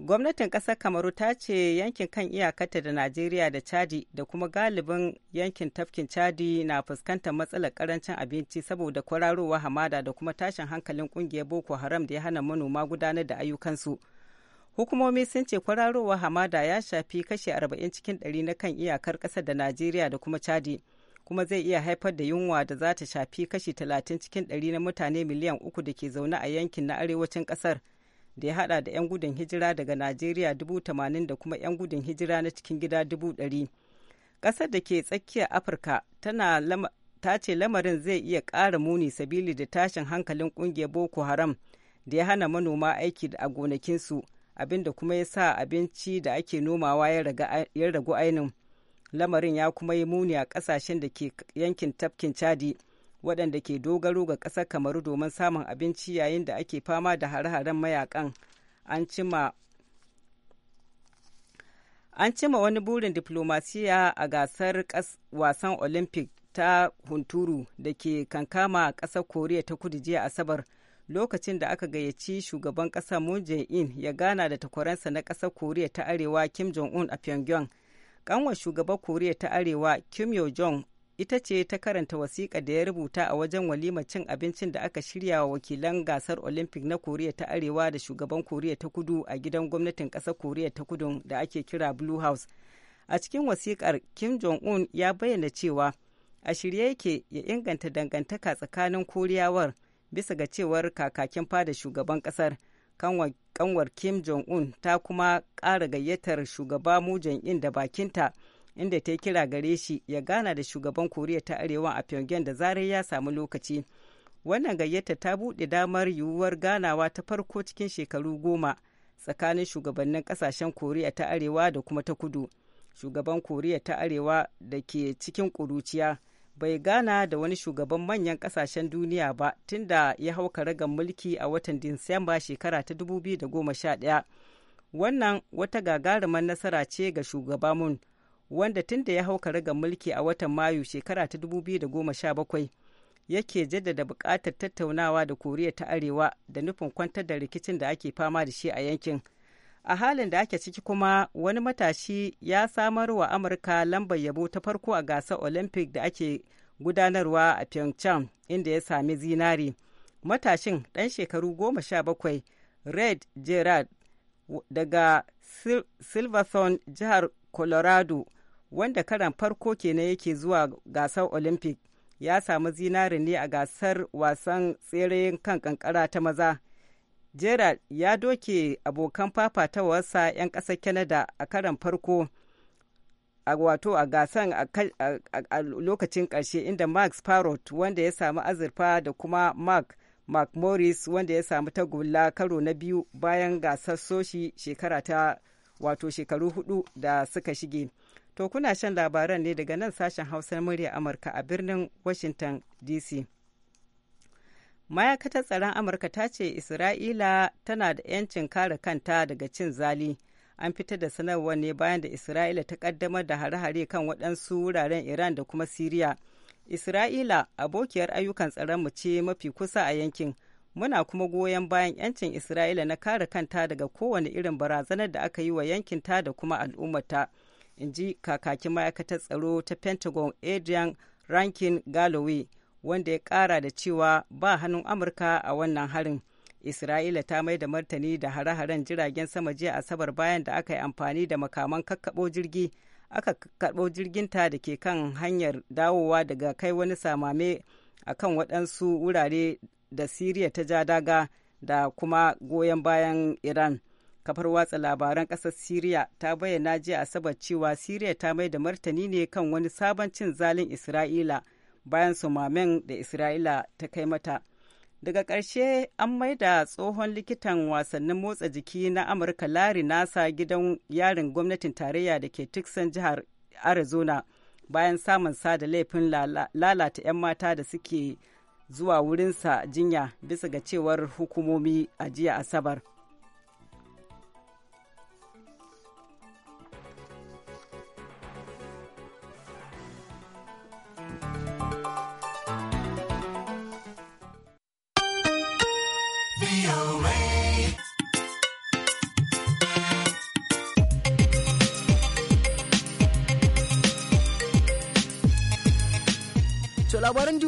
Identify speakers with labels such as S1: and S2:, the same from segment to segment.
S1: gwamnatin ƙasar kamaru ta ce yankin kan iyakarta da najeriya da chadi da kuma galibin yankin tafkin chadi na fuskantar matsalar karancin abinci saboda kwararowa hamada da kuma tashin hankalin ƙungiyar boko haram da ya hana manoma gudanar da ayyukansu hukumomi sun ce kwararowa hamada ya shafi kashe 40 cikin 100 na kan iyakar ƙasar da najeriya da kuma chadi kuma zai iya haifar da yunwa da za ta shafi kashi 30 cikin 100 na mutane miliyan uku da ke zaune a yankin na arewacin ƙasar. da ya hada da 'yan gudun hijira daga najeriya dubu tamanin da kuma 'yan gudun hijira na cikin gida dubu ɗari ƙasar da ke tsakiyar afirka tana ta ce lamarin zai iya ƙara muni sabili da tashin hankalin ƙungiyar boko haram da ya hana manoma aiki a gonakinsu abinda kuma ya sa abinci da ake nomawa ya ragu ainin lamarin ya kuma yi muni a ƙasashen da ke yankin tafkin chadi waɗanda ke dogaro ga ƙasar kamaru domin samun abinci yayin da ake fama da hare-haren mayakan an cima wani burin diflomasiyya a gasar wasan olympic ta hunturu da ke kankama a ƙasar koriya ta kudu jiya asabar lokacin da aka gayyaci shugaban ƙasa moon jae-in ya gana da takwaransa na ƙasar koriya ta arewa kim jong-un a pyongyang ƙanwar shugaban koriya ta arewa kim yo jong ita ce ta karanta wasiƙa da ya rubuta a wajen walimar cin abincin da aka shirya wa wakilan gasar olympic na koriya ta arewa da shugaban koriya ta kudu a gidan gwamnatin ƙasar koriya ta kudu da ake kira blue house a cikin wasiƙar kim jong-un ya bayyana cewa a shirye yake ya inganta dangantaka tsakanin koriyawar bisa ga cewar kakakin fada shugaban ƙasar kanwar kim jong-un ta kuma ƙara gayyatar shugaba mu in da bakinta inda ta yi kira gare shi ya gana da shugaban koriya ta arewa a pyongyang da zarar ya samu lokaci wannan gayyata ta buɗe damar yiwuwar ganawa ta farko cikin shekaru goma tsakanin shugabannin kasashen koriya ta arewa da kuma ta kudu shugaban koriya ta arewa da ke cikin kuruciya bai gana da wani shugaban manyan kasashen duniya ba tun da ya hau karagar mulki a watan disamba shekara ta 2011 wannan wata gagarumar nasara ce ga shugaba mun wanda tun da ya hau karagar mulki a watan mayu shekara ta 2017 yake jaddada buƙatar tattaunawa da koriya ta arewa da nufin kwantar da rikicin da ake fama da shi a yankin a halin da ake ciki kuma wani matashi ya samar wa amurka lambar yabo ta farko a gasar olympic da ake gudanarwa a pyeongchang inda ya sami zinari matashin ɗan shekaru goma sha bakwai red gerard daga silverson jihar colorado wanda karan farko kenan yake zuwa gasar olympic ya samu zinari ne a gasar wasan tsere kan kankara ta maza gerald ya doke abokan fafatawarsa 'yan ƙasar canada a karan farko a wato a gasan a lokacin ƙarshe inda max parrot wanda ya samu azurfa da kuma mark mark morris wanda ya samu tagulla karo na biyu bayan gasar soshi shekara ta wato shekaru hudu da suka shige. To kuna shan labaran ne daga nan sashen Hausar murya Amurka a birnin Washington DC. mayakatar tsaron Amurka ta ce Isra'ila tana da 'yancin kare kanta daga cin zali. An fitar da sanarwar ne bayan da Isra'ila ta kaddamar da hare-hare kan waɗansu wuraren Iran da kuma Siriya. Isra'ila abokiyar ayyukan tsaron mu ce mafi kusa a yankin. Muna kuma goyon bayan 'yancin Isra'ila na kare kanta daga kowane irin barazanar da aka yi wa yankinta da kuma al'ummata. in ji kakakin ma'aikatar tsaro ta pentagon adrian rankin galloway wanda ya kara da cewa ba hannun amurka a wannan harin isra'ila ta mai da martani da hare-haren jiragen sama jiya asabar bayan da aka yi amfani da makaman kakkaɓo jirgi aka karɓo jirginta da ke kan hanyar dawowa daga kai wani samame a kan waɗansu wurare da siriya ta ja daga da kuma goyon bayan iran kafar watsa labaran ƙasar Siriya ta bayyana jiya Asabar cewa Siriya ta mai da martani ne kan wani sabon cin zalin Isra'ila bayan sumamen da Isra'ila ta kai mata. Daga ƙarshe an mai da tsohon likitan wasannin motsa jiki na Amurka lari Nasa gidan yarin gwamnatin tarayya da ke Tucson jihar Arizona bayan samun sa da laifin lalata 'yan mata da suke zuwa wurinsa jinya bisa ga cewar hukumomi a jiya Asabar.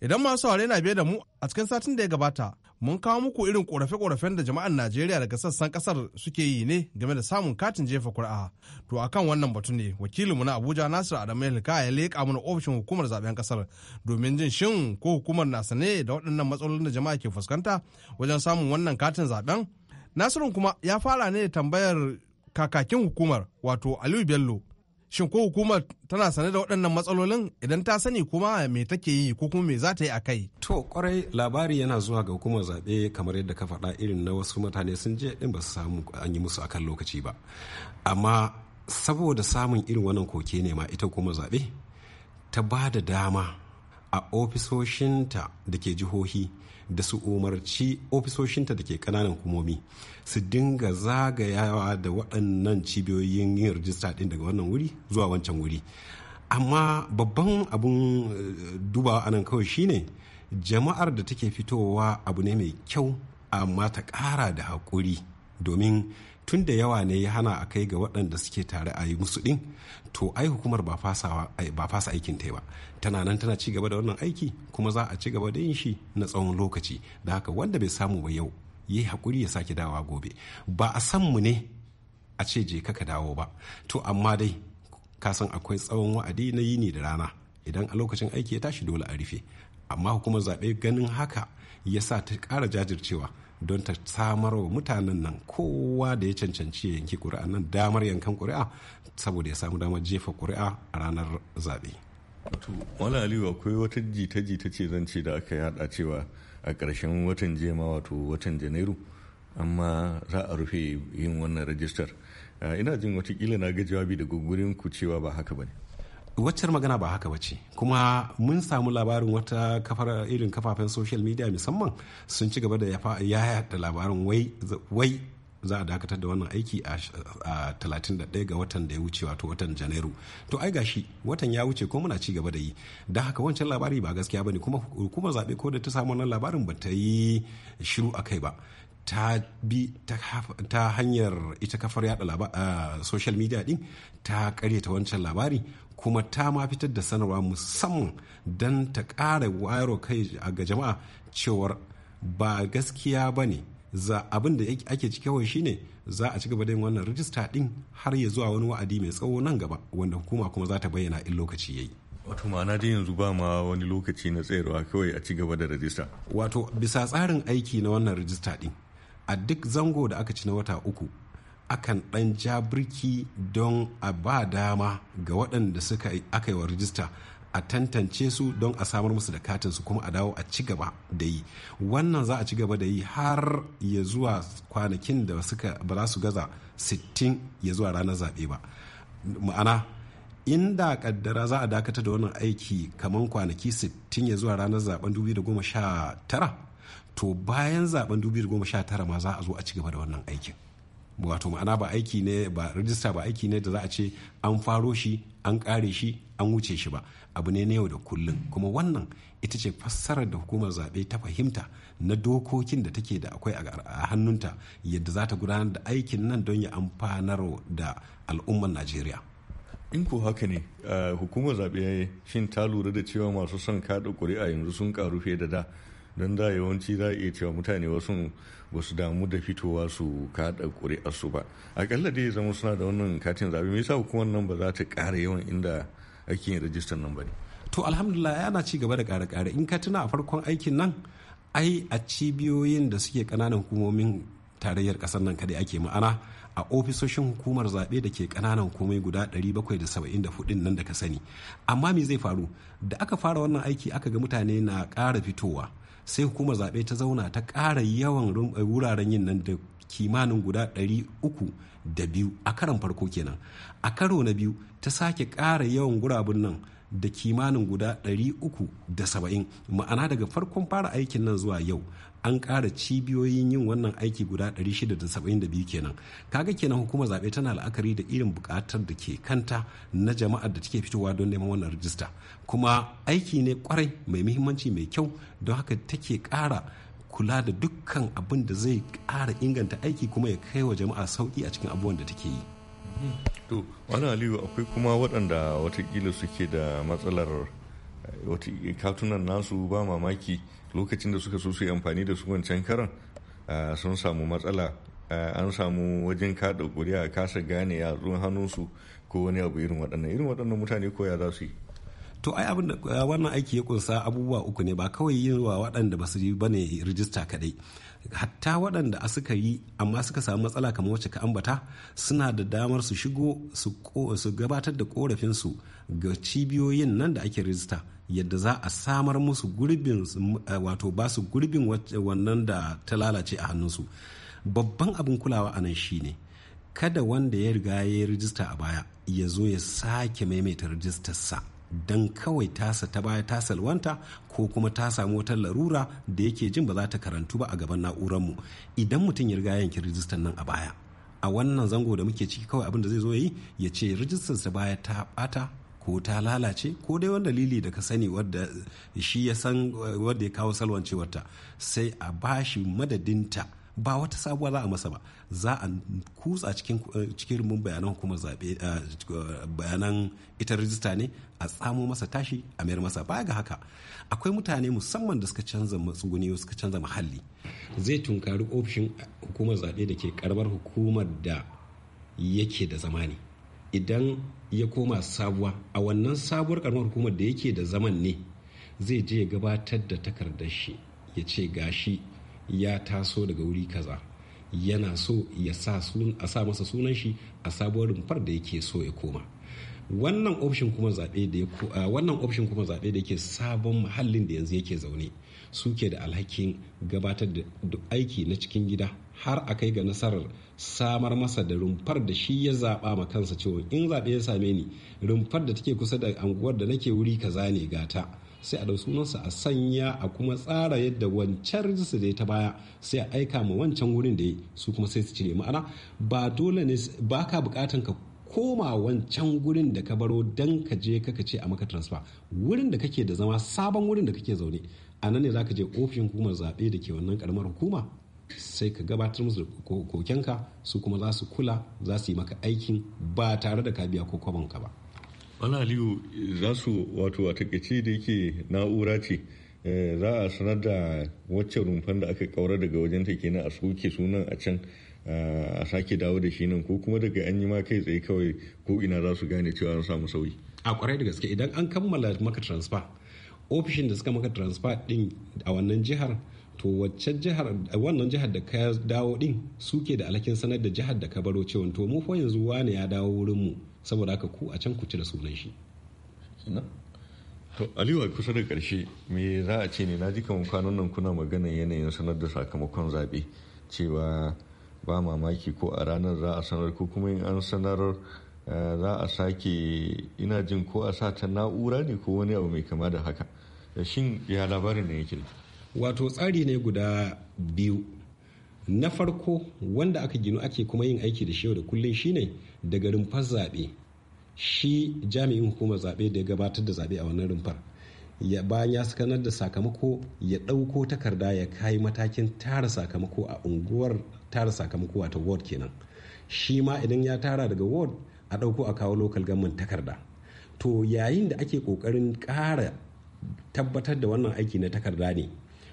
S2: Idan masu saurare na biye da mu a cikin satin da ya gabata, mun kawo muku irin korafe-korafen da jama'an Najeriya daga sassan kasar suke yi ne game da samun katin jefa kuri'a. To akan wannan batu ne wakilinmu na Abuja Nasir Adamu Elka ya leƙa mana ofishin hukumar zaɓen kasar domin jin shin ko hukumar na sane da waɗannan matsalolin da jama'a ke fuskanta wajen samun wannan katin zaɓen Nasiru kuma ya fara ne tambayar kakakin hukumar wato Aliyu Bello Shin ko hukumar tana sane da waɗannan matsalolin idan ta sani kuma me take yi ko kuma me za ta yi a kai?
S3: To kwarai labari yana zuwa ga hukumar zaɓe kamar yadda ka faɗa irin na wasu mutane sun je ɗin ba su samu an yi musu akan lokaci ba. Amma saboda samun irin wannan koke ne ma ita hukumar zaɓe ta ba da dama a ofisoshinta da ke jihohi da su umarci ofisoshinta da ke kananan hukumomi su dinga zagayawa da waɗannan cibiyoyin yin rijista ɗin daga wannan wuri zuwa wancan wuri amma babban abun eh, dubawa anan kawai shine jama'ar da take fitowa abu ne mai kyau amma ta ƙara da haƙuri domin tun da yawa ne ya hana a kai ga waɗanda suke tare a yi musu ɗin to ai hukumar ba fasa aikin ta ba tana nan tana ci gaba da wannan aiki kuma za a ci gaba da yin shi na tsawon lokaci da haka wanda bai samu ba yau yi hakuri ya sake dawa gobe ba a san mu ne a ce je ka dawo ba to amma dai ka san akwai tsawon wa'adi na yini da rana idan a lokacin aiki ya tashi dole a rufe amma hukumar zaɓe ganin haka ya sa ta ƙara jajircewa don ta samar wa mutanen nan kowa da ya cancanci ya yanki kuri'a nan damar yankan kuri'a saboda ya samu
S4: damar jefa kuri'a a ranar zaɓe. wani aliyu akwai wata jita-jita ce zan ce da aka yada cewa a ƙarshen watan jema wato watan janairu amma za a rufe yin wannan rajistar ah, ina jin watakila na ga jawabi daga gurin ku cewa ba haka ba ne
S3: waccar magana ba haka bace kuma mun samu labarin wata kafar irin kafafen social media musamman sun ci gaba da yayata labarin wai za a dakatar da wannan aiki a 31 ga watan da ya wuce wato watan janairu to ai gashi watan ya wuce ko muna ci gaba da yi da haka wancan labari ba gaskiya bane kuma hukumar zabe ko da ta samu wannan labarin ba ta yi shiru a kai ba ta bi ta hanyar ita kafar yada social media din ta ta wancan labari kuma ta ma fitar da sanarwa musamman don ta ƙara wayarwa kai ga jama'a cewar ba gaskiya ba ne za abin da ake ciki kawai shine za a ci gaba da yin wannan rijista din har ya zuwa wani wa'adi mai tsawo nan gaba wanda hukuma kuma za ta bayyana in lokaci yayi
S4: wato ma'ana dai yanzu ba ma wani lokaci na tsayarwa kawai a ci gaba da rajista
S3: wato bisa tsarin aiki na wannan rijista din a duk zango da aka ci na wata uku akan ɗan ja birki don a ba dama ga waɗanda suka aka yi wa rijista a tantance su don a samar musu da katin su kuma a dawo a ci gaba da yi wannan za a ci gaba da yi har ya zuwa kwanakin da suka ba za su gaza 60 ya zuwa ranar zaɓe ba ma'ana inda kaddara za a dakata da wannan aiki kamar kwanaki 60 ya zuwa ranar zaben 2019 to bayan zaben 2019 ma za a zo a ci gaba da wannan aikin wato ma'ana ba aiki ne ba rijista ba aiki ne da za a ce an faro shi an kare shi an wuce shi ba abu ne na yau da kullum kuma wannan ita ce fassarar da hukumar zaɓe ta fahimta na dokokin da take da akwai a hannunta yadda za ta gudanar da aikin nan don ya amfanar da al'ummar
S4: najeriya in ko haka ne eh, hukumar zaɓe shin ta lura da cewa masu son kaɗa ƙuri'a yanzu sun ƙaru fiye da da don da yawanci za a iya cewa mutane wasu ba su damu da fitowa su kaɗa su ba akalla dai zama suna da wannan katin zaɓe mai yasa hukumar nan ba za ta ƙara yawan inda ake yin rajistar nan ba ne
S3: to alhamdulillah yana ci gaba da ƙare-ƙare in katina a farkon aikin nan ai a cibiyoyin da suke ƙananan hukumomin tarayyar ƙasar nan kadai ake ma'ana a ofisoshin hukumar zaɓe da ke ƙananan komai guda 774 nan da ka sani amma me zai faru da aka fara wannan aiki aka ga mutane na ƙara fitowa sai hukumar zaɓe ta zauna ta ƙara yawan eh, wuraren yin nan da kimanin guda ɗari uku da biyu a karon farko kenan a karo na biyu ta sake ƙara yawan gurabun nan da kimanin guda 370 ma'ana daga farkon fara aikin nan zuwa yau an ƙara cibiyoyin yin wannan aiki guda 672 kenan kaga kenan hukumar zaɓe tana la'akari da irin buƙatar da ke kanta na jama'ar da take fitowa don neman wannan rajista kuma aiki ne kwarai mai muhimmanci mai kyau don haka take ƙara kula da dukkan abin da zai ƙara inganta aiki kuma ya kai wa jama'a sauƙi a cikin abubuwan da take yi.
S4: to wani aliyu akwai kuma waɗanda watakila suke da matsalar eh, eh, katunan nasu ba mamaki lokacin da suka so su yi amfani da su wancan karan ah, sun samu matsala ah, an samu wajen kada kuri'a kasa gane yatsun hannunsu ko wani abu irin waɗannan irin waɗannan mutane koya za su yi to ai abin da ah, wannan aiki ya kunsa abubuwa uku ne
S3: ba kawai yin wa waɗanda ba su yi bane rijista kaɗai. hatta waɗanda suka yi amma suka samu matsala kamar wacce ka ambata suna da damar su shigo su gabatar da korafinsu ga cibiyoyin nan da ake rijista yadda za a samar musu gurbin eh, wato ba su gurbin wannan da ta lalace a hannunsu babban abin kulawa a nan shine kada wanda ya riga ya yi rijista a baya ya zo ya sake maimaita rijistarsa don kawai tasa ta baya ta salwanta ko kuma ta samu wata larura da yake jin ba za ta karantu ba a gaban na'uranmu idan mutum ya riga yankin rijistar nan a baya a wannan zango da muke ciki kawai abin da zai zo ya yi ya ce rijistar ta baya ta bata ko ta lalace ko dai wani dalili da ka sani wadda shi ya san wadda ya kawo salwancewarta sai a bashi madadinta ba wata sabuwa za a masa ba za a kutsa cikin eh, rumbun bayanan hukumar zaɓe eh, bayanan ita rijista ne a tsamo masa tashi a mayar masa baya ga haka akwai mutane musamman da suka canza matsuguni suka canza muhalli zai tunkari ofishin hukumar zaɓe da ke karamar hukumar da yake da zamani idan ya koma sabuwa a wannan sabuwar karamar hukumar da yake da zaman ne zai je ya gabatar da takardar shi ya ce gashi ya taso daga wuri kaza yana so ya sa a sa masa sunan shi a sabuwar rumfar da yake so ya koma wannan option kuma zaɓe da wannan option kuma da yake sabon muhallin da yanzu yake zaune suke da alhakin gabatar da aiki na cikin gida har a kai ga nasarar samar masa da rumfar da shi ya zaɓa ma kansa cewa in zaɓe ya same ni rumfar da take kusa da anguwar da nake wuri kaza ne gata sai a da sunansa a sanya a kuma tsara yadda wancan rijista da ya ta baya sai a aika ma wancan wurin da ya su kuma sai su cire ma'ana ba dole ne ba ka bukatan ka koma wancan wurin da ka baro dan ka je kaka ce a maka transfer wurin da kake da zama sabon wurin da kake zaune a nan ne za ka je ofishin hukumar zaɓe da ke wannan karamar hukuma sai ka gabatar musu kokenka su kuma za su kula za su yi maka aikin ba tare da ka biya ko ka ba.
S4: wani Aliyu za su wato a takaice da yake na'ura ce eh, za a sanar da wacce rumfan da aka kaura daga wajen ta kenan a soke sunan a can eh, a sake dawo da shi nan ko kuma daga an yi ma kai tsaye kawai ko ina za su gane cewa an samu sauyi.
S3: A kwarai da gaske idan an kammala maka transfer ofishin da suka maka transfer din a wannan jihar to wacce jihar wannan jihar da ka dawo din suke da alhakin sanar da jihar da ka baro cewa to mu fa yanzu wane ya dawo wurin mu saboda haka ku a can
S4: ku cire sunan shi to aliwa kusa da karshe me za a ce ne na ji kamar kwanan nan kuna magana yanayin sanar da sakamakon zaɓe cewa ba mamaki ko a ranar za a sanar ko kuma in an sanar eh, za a sake ina jin ko a sa ta na'ura ne ko wani abu mai kama da haka eh, shin ya labarin ne yake
S3: wato tsari ne guda biyu na farko wanda aka ginu ake kuma yin aiki da shi yau da kullum shine daga rumfar zaɓe shi jami'in hukumar zaɓe da ya gabatar da zaɓe a wannan rumfar ya bayan ya sakanar da sakamako ya ɗauko takarda ya kai matakin tara sakamako a unguwar tara sakamako wato ward kenan shi ma idan ya tara daga ward a ɗauko a kawo lokal government takarda to yayin da ake ƙoƙarin ƙara tabbatar da wannan aiki na takarda ne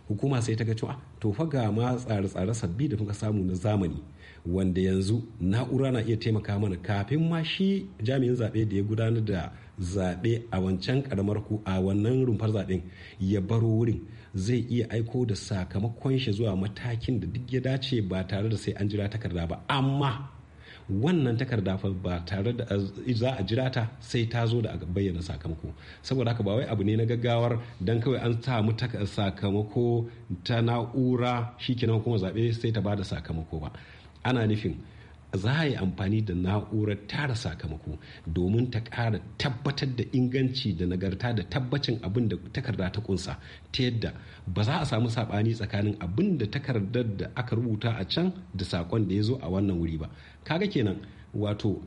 S3: hukuma sai ta ga cewa ah, to fa ga ma tsare-tsare sabbi da muka samu na zamani wanda yanzu na'ura na iya taimaka mana kafin ma shi jami'in zaɓe da ya gudanar da zaɓe a wancan karamar ku a wannan rumfar zaɓen ya baro wurin zai iya aiko da sakamakon shi zuwa matakin da duk ya dace ba tare da sai an jira takarda ba amma wannan takarda fa ba tare da eh, za a jira ta sai ta zo da a bayyana sakamako saboda haka ba wai abu ne na gaggawar dan kawai an samu sakamako ta na'ura shikenan kuma zaɓe sai ta ba da sakamako ba ana nufin za a yi amfani da na'urar tara sakamako domin ta ƙara tabbatar da inganci da nagarta da tabbacin abin da takarda ta kunsa ta yadda ba za a samu saɓani tsakanin abin da takardar da aka rubuta a can da sakon da ya zo a wannan wuri ba kaga kenan wato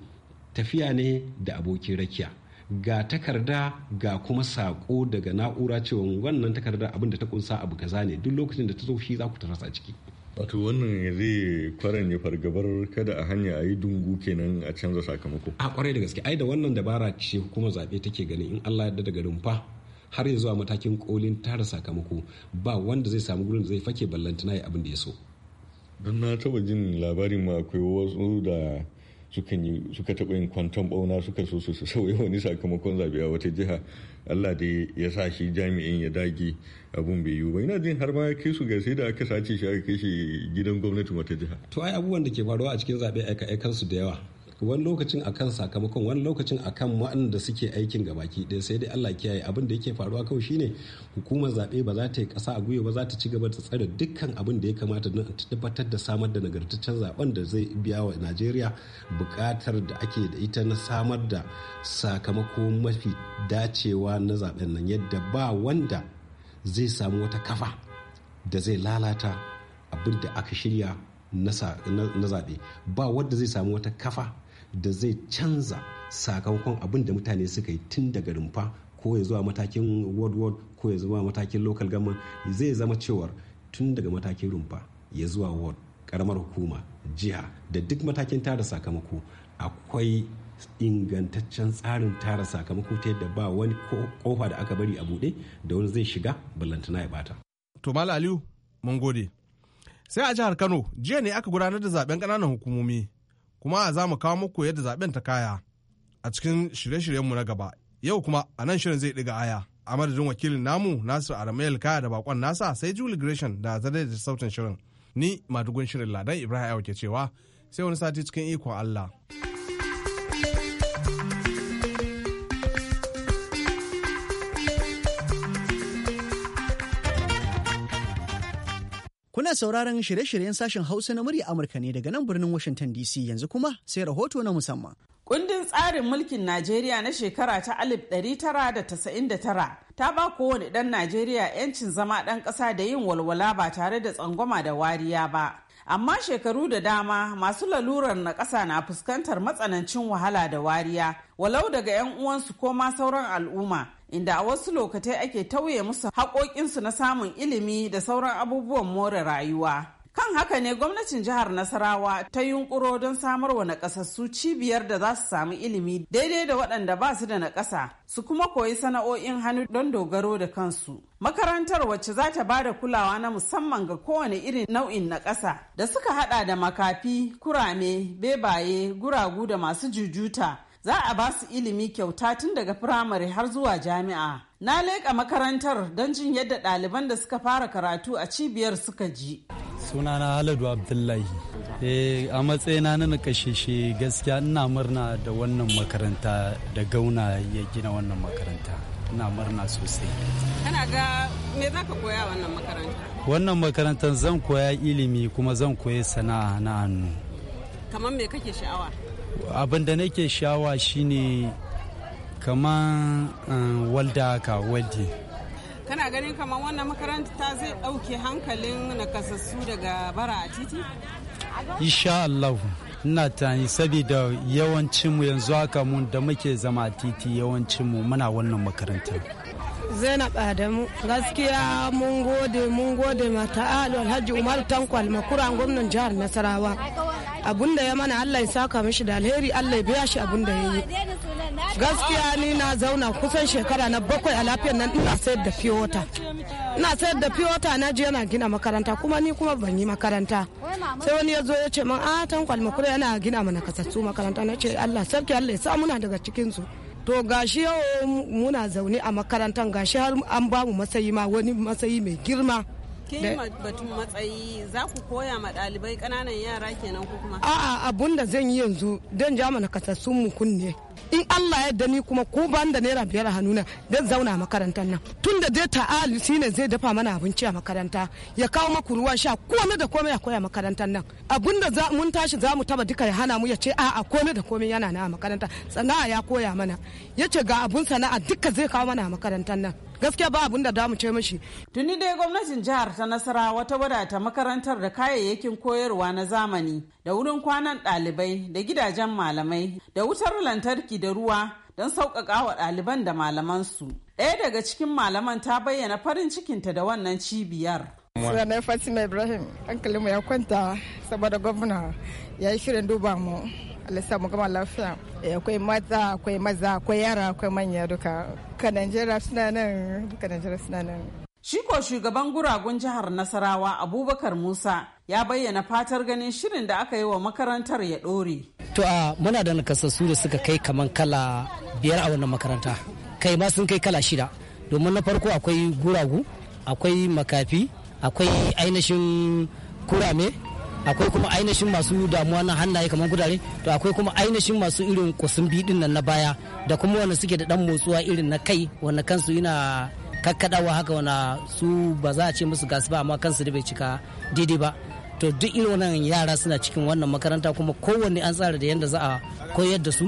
S3: tafiya ne da abokin rakiya ga takarda ga kuma sako daga na'ura cewa wannan takarda abin da ta kunsa abu kaza ne duk lokacin da ta zo shi za ku tafasa ciki
S4: wato wannan zai kwaranye fargabar kada a hanya a yi dungu kenan a canza sakamako a
S3: kwarai da gaske ai da wannan dabara ce hukumar zaɓe take ganin in allah yarda daga rumfa har ya zuwa matakin kolin tara sakamako ba wanda zai samu gurin da zai fake ballantana ya abin da ya so
S4: don na taba jin labarin ma akwai wasu da sukan yi suka taɓa yin kwanton ɓauna suka so su sauya wani sakamakon zaɓe a wata jiha Allah da ya sa shi jami'in ya dage abun bai yiwu ba ina jin har ma ya kai su ga sai da aka sace shi aka kai shi gidan gwamnati wata jiha to ai abubuwan
S3: da ke faruwa a cikin zabe aika aikan su da yawa wani lokacin akan sakamakon wani lokacin akan waɗanda suke aikin gabaki ɗaya sai dai Allah kiyaye abin da yake faruwa kawai shine hukumar zaɓe ba za ta yi ƙasa a gwiwa ba za ta ci gaba da tsare dukkan abin da ya kamata don tabbatar da samar da nagartaccen zaben da zai biya wa Najeriya buƙatar da ake da ita na samar da sakamako mafi dacewa na zaben nan yadda ba wanda zai samu wata kafa da zai lalata abin da aka shirya na zaɓe ba wanda zai samu wata kafa da zai canza sakamakon abin da mutane suka yi tun daga rumfa ko ya zuwa matakin world world ko ya zuwa matakin local government zai zama cewar tun daga matakin rumfa ya zuwa world karamar hukuma jiha da duk matakin tara sakamako akwai ingantaccen tsarin tara sakamako ta yadda ba wani kofa da aka bari a buɗe da wani zai shiga ballantana ya
S2: bata. to aliyu mun gode sai a jihar kano jiya ne aka gudanar da zaben ƙananan hukumomi kuma za mu kawo muku yadda zaben ta kaya a cikin shirye-shiryenmu na gaba yau kuma a nan shirin zai ɗiga aya a madadin wakilin namu nasir aramayel kaya da bakon nasa sai juli gresham da zare da sautin shirin ni madugun shirin ladan ibrahim ke cewa sai wani sati cikin ikon allah.
S5: Kuna sauraron shirye-shiryen sashen Hausa na murya Amurka ne daga nan birnin Washington DC yanzu kuma sai rahoto na musamman.
S6: Kundin tsarin mulkin Najeriya na shekara ta 1999 ta ba kowane ɗan Najeriya 'yancin zama ɗan ƙasa da yin walwala ba tare da tsangwama da wariya ba. amma shekaru da dama masu lalurar na ƙasa na fuskantar matsanancin wahala da wariya walau daga 'yan uwansu ko ma sauran al'umma inda a wasu lokatai ake tauye musu haƙoƙinsu na samun ilimi da sauran abubuwan more rayuwa Kan haka ne gwamnatin jihar Nasarawa ta yunkuro don samar wa nakasassu cibiyar da za su samu ilimi daidai da waɗanda ba su da nakasa su kuma koyi sana'o'in hannu don dogaro da kansu. Makarantar wacce za ta da kulawa na musamman ga kowane irin nau'in nakasa da suka hada da makafi, kurame, bebaye, guragu da masu jujuta za a ba su ilimi kyauta tun daga firamare har zuwa jami'a. Na leƙa makarantar don jin yadda ɗaliban da suka fara karatu a cibiyar suka ji.
S3: Sunana Haladu Abdullahi. Eh,
S6: a matsayina na nakasheshe gaskiya ina murna da wannan makaranta da gauna ya gina wannan makaranta. Ina murna sosai. Kana ga me za ka koya wannan makaranta? Wannan makarantar zan koya ilimi kuma zan koya sana'a na hannu. Kamar me kake sha'awa? Abin da nake sha'awa shine kamar eh, walda ka waldi kana ganin kamar wannan makaranta zai ɗauke hankalin nakasassu daga bara a titi insha Allah ina tani saboda yawancinmu yanzu haka mun da muke zama a titi yawancinmu muna wannan makaranta
S7: Zainab Adamu gaskiya mun gode mun gode mata Alhaji Umar Tankwal makuran gwamnan jihar Nasarawa abun da ya mana Allah ya saka mishi da alheri Allah ya biya shi abun da ya yi gaskiya ni na zauna kusan shekara na bakwai a lafiyar nan ina sayar da fiyota ina sayar da fiyota na ji yana gina makaranta kuma ni kuma ban yi makaranta sai wani ya zo ya ce man a kwalma kure yana gina mana kasassu makaranta na ce allah sarki allah ya sa muna daga cikinsu to gashi yau muna zaune a makarantar gashi har an bamu masayi ma wani masayi mai girma kin
S6: batun matsayi za ku koya ma ɗalibai ƙananan yara kenan ko
S7: kuma a'a abun da zan yi yanzu dan ja mana kasassun mu kunne in Allah ya dani kuma ko ban da naira biyar hannuna dan zauna a makarantar nan tun da dai ta shi ne zai dafa mana abinci a makaranta ya kawo maku ruwan sha komai da komai a koya makarantar nan Abun da mun tashi za mu taba duka ya hana mu ya ce a'a komai da komai yana na a makaranta sana'a ya koya mana ya ce ga abun sana'a duka zai kawo mana a makarantar nan gaskiya ba abin da damu ce mashi tuni dai
S6: gwamnatin jihar ta nasarawa ta wadata makarantar da kayayyakin koyarwa na zamani da wurin kwanan ɗalibai da gidajen malamai da wutar lantarki da ruwa don sauƙaƙa wa ɗaliban da malaman su ɗaya daga cikin malaman ta bayyana farin cikinta da wannan cibiyar
S7: Sunana Fatima Ibrahim, mu ya kwanta saboda gwamna ya yi shirin duba mu. Allah mu gama lafiya. Eh, akwai mata, akwai maza, akwai yara, akwai manya duka. Duka Najeriya suna nan, duka Najeriya suna nan.
S6: Shi ko shugaban guragun jihar Nasarawa Abubakar Musa ya bayyana fatar ganin shirin da aka yi wa makarantar ya ɗore.
S8: To a muna da nakasassu da suka kai kaman kala biyar a wannan makaranta. Kai ma sun kai kala shida. Domin na farko akwai guragu, akwai makafi, akwai ainihin kurame akwai kuma ainihin masu damuwa na hannaye kamar kudare to akwai kuma ainihin masu irin kusun bidin nan na baya da kuma wanda suke da dan motsuwa irin na kai wanda kansu yana kakkadawa haka wanda su ba za a ce musu gasu ba amma kansu da bai cika daidai ba to duk irin wannan yara suna cikin wannan makaranta kuma kowanne an tsara da yadda za a koyar da su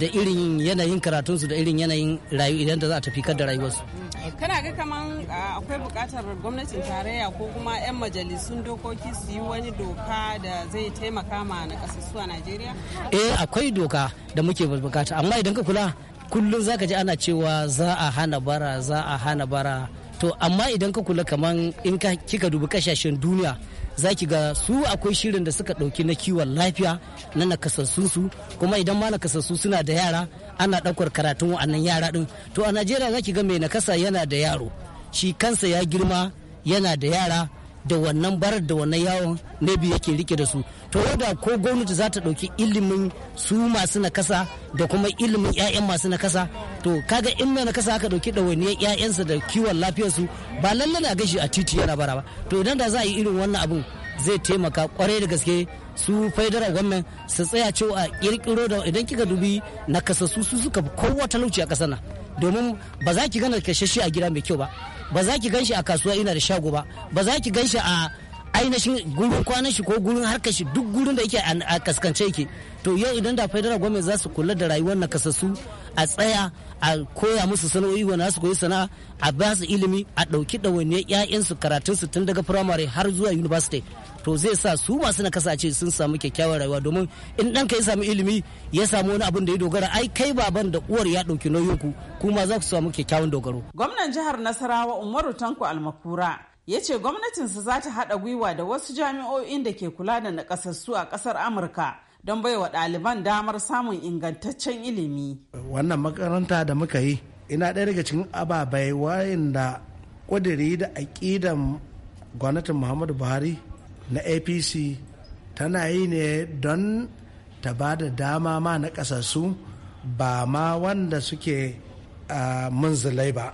S8: da irin yanayin karatunsu da irin yanayin rayu idan da za a tafi da rayuwarsu
S6: Eh, kana ga kaman akwai bukatar gwamnatin tarayya ko kuma 'yan majalisun dokoki su yi wani doka da zai taimaka ma na a najeriya
S8: eh akwai doka da muke bukata amma idan ka kula kullum zaka ji ana cewa za a hana bara za a hana bara to amma idan ka kula kaman in kika dubi kashashen duniya za ki ga su akwai shirin da suka ɗauki na kiwon lafiya na nakasassu su kuma idan ma nakasassu suna da yara ana ɗaukar karatun wa'annan yara ɗin to a najeriya za ki ga mai nakasa yana da yaro shi kansa ya girma yana da yara da wannan barar da wannan yawon ne biyu yake rike da su to da ko gwamnati za ta ɗauki ilimin su masu na nakasa da kuma ilimin 'ya'yan masu na nakasa to kaga in mai nakasa aka ɗauki ɗawainiyar 'ya'yansa da kiwon lafiyarsu ba lallai na gashi a titi yana bara ba to idan da za a yi irin wannan abun zai taimaka kwarai da gaske su faidara gwamnan su tsaya cewa kirkiro da idan kika dubi nakasassu su suka kowa talauci a ƙasar nan domin ba za ki gana karshe a gida mai kyau ba ba za ki gan shi a kasuwa ina da shago ba ba za ki gan shi a ainihin gurin kwanan shi ko gurin harkar shi duk gurin da yake a kaskance yake to yau idan da federal gwamnati za su kula da rayuwar nakasassu a tsaya a koya musu sana'o'i wanda su koyi sana'a a ba su ilimi a ɗauki ɗawainiyar 'ya'yansu su tun daga firamare har zuwa university to zai sa su masu na kasace sun samu kyakkyawar rayuwa domin in ka ya samu ilimi ya samu wani abin da ya dogara ai kai baban da uwar ya dauki ɗauki ku kuma za ku samu kyakkyawan dogaro.
S6: Gwamnan jihar Nasarawa Umaru Tanko Almakura ya ce gwamnatinsa za ta haɗa gwiwa da wasu jami'o'in da ke kula da nakasassu a ƙasar Amurka don bai wa ɗaliban damar samun ingantaccen ilimi. Wannan makaranta
S9: da muka yi ina ɗaya daga cikin ababai da ƙudiri da aƙidan gwamnatin Muhammadu Buhari na apc tana yi ne don ta ba da dama ma na kasassu ba ma wanda suke munzulai ba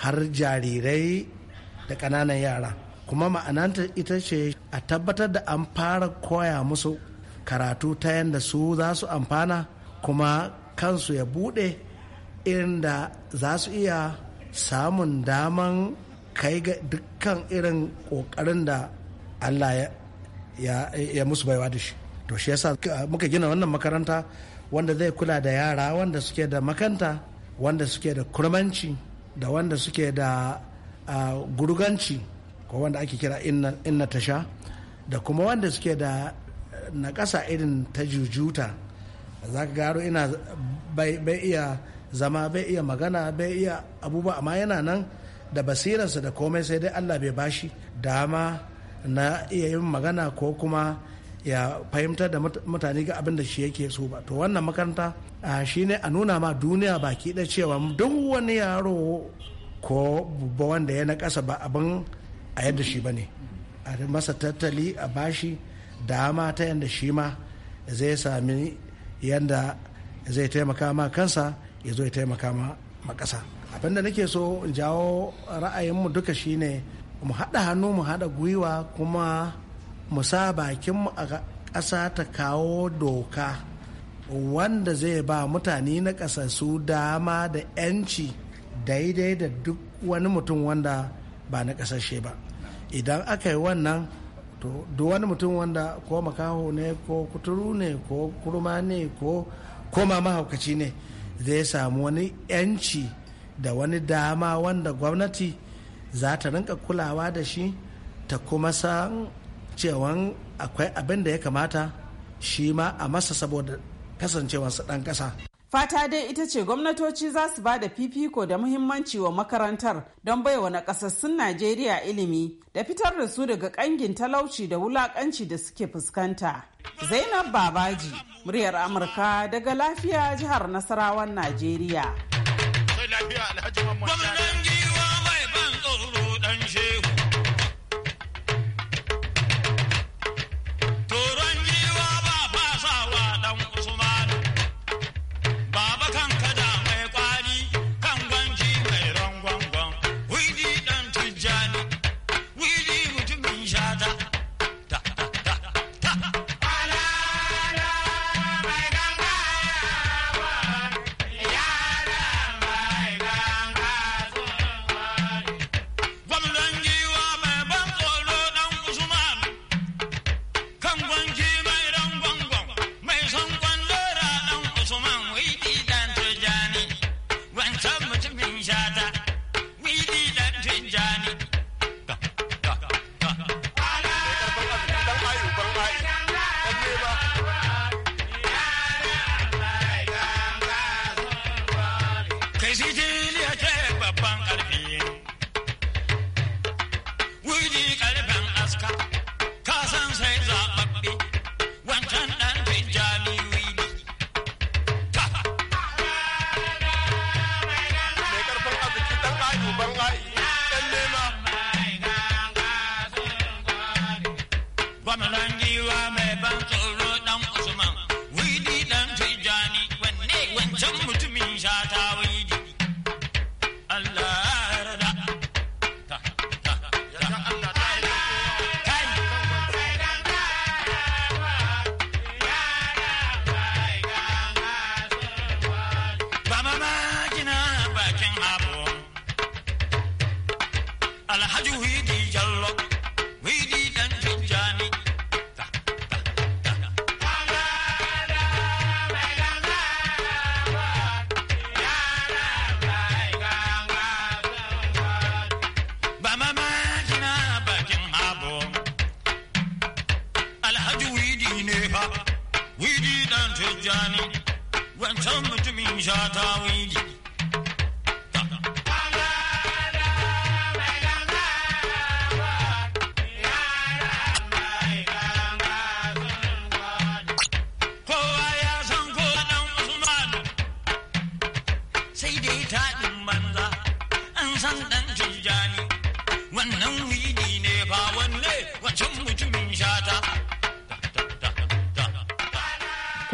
S9: har jarirai da ƙananan yara kuma ma'ananta ita ce a tabbatar da an fara koya musu karatu ta yadda su za su amfana kuma kansu ya buɗe inda za su iya samun daman kai ga dukkan irin ƙoƙarin da allah Ya. ya musu baiwa da shi to shi yasa uh, muka gina wannan makaranta wanda zai kula da yara wanda suke da makanta wanda suke da kurmanci da wanda suke da uh, gurganci ko wanda ake kira inna tasha da kuma wanda suke da uh, na ƙasa irin ta jujuta za ka gano ina bai iya zama bai iya magana bai iya abubuwa amma yana nan da basirarsa da komai sai dai allah bai bashi dama na iya yin magana ko kuma ya fahimtar da mutane ga abin da shi yake so ba to wannan makaranta shi ne a nuna ma duniya baki da cewa duk wani yaro ko babba wanda ya na ƙasa ba abin a yadda shi ba ne a masa tattali a bashi dama ta yadda shi ma zai sami yadda zai taimaka ma kansa ya zo ya taimaka ma makasa abinda nake so in jawo ra'ayinmu duka shine mu haɗa hannu mu haɗa gwiwa kuma mu sa bakinmu a ƙasa ta kawo doka wanda zai ba mutane na su dama da 'yanci daidai da duk wani mutum wanda ba na ƙasashe ba idan aka yi wannan to duk wani mutum wanda ko makaho ne ko kuturu ne ko kurma ne ko koma mahaukaci ne zai samu wani 'yanci da wani dama wanda gwamnati za ta rinka kulawa da shi ta kuma san cewan akwai abin da ya kamata shi ma a masa saboda kasancewarsa ɗan ƙasa.
S6: Fata dai ita ce gwamnatoci za su ba da fifiko da muhimmanci wa makarantar don baiwa nakasassun Najeriya ilimi da fitar da su daga ƙangin talauci da wulaƙanci da suke fuskanta. Zainab Babaji, muryar Amurka daga lafiya jihar Nasarawan Najeriya.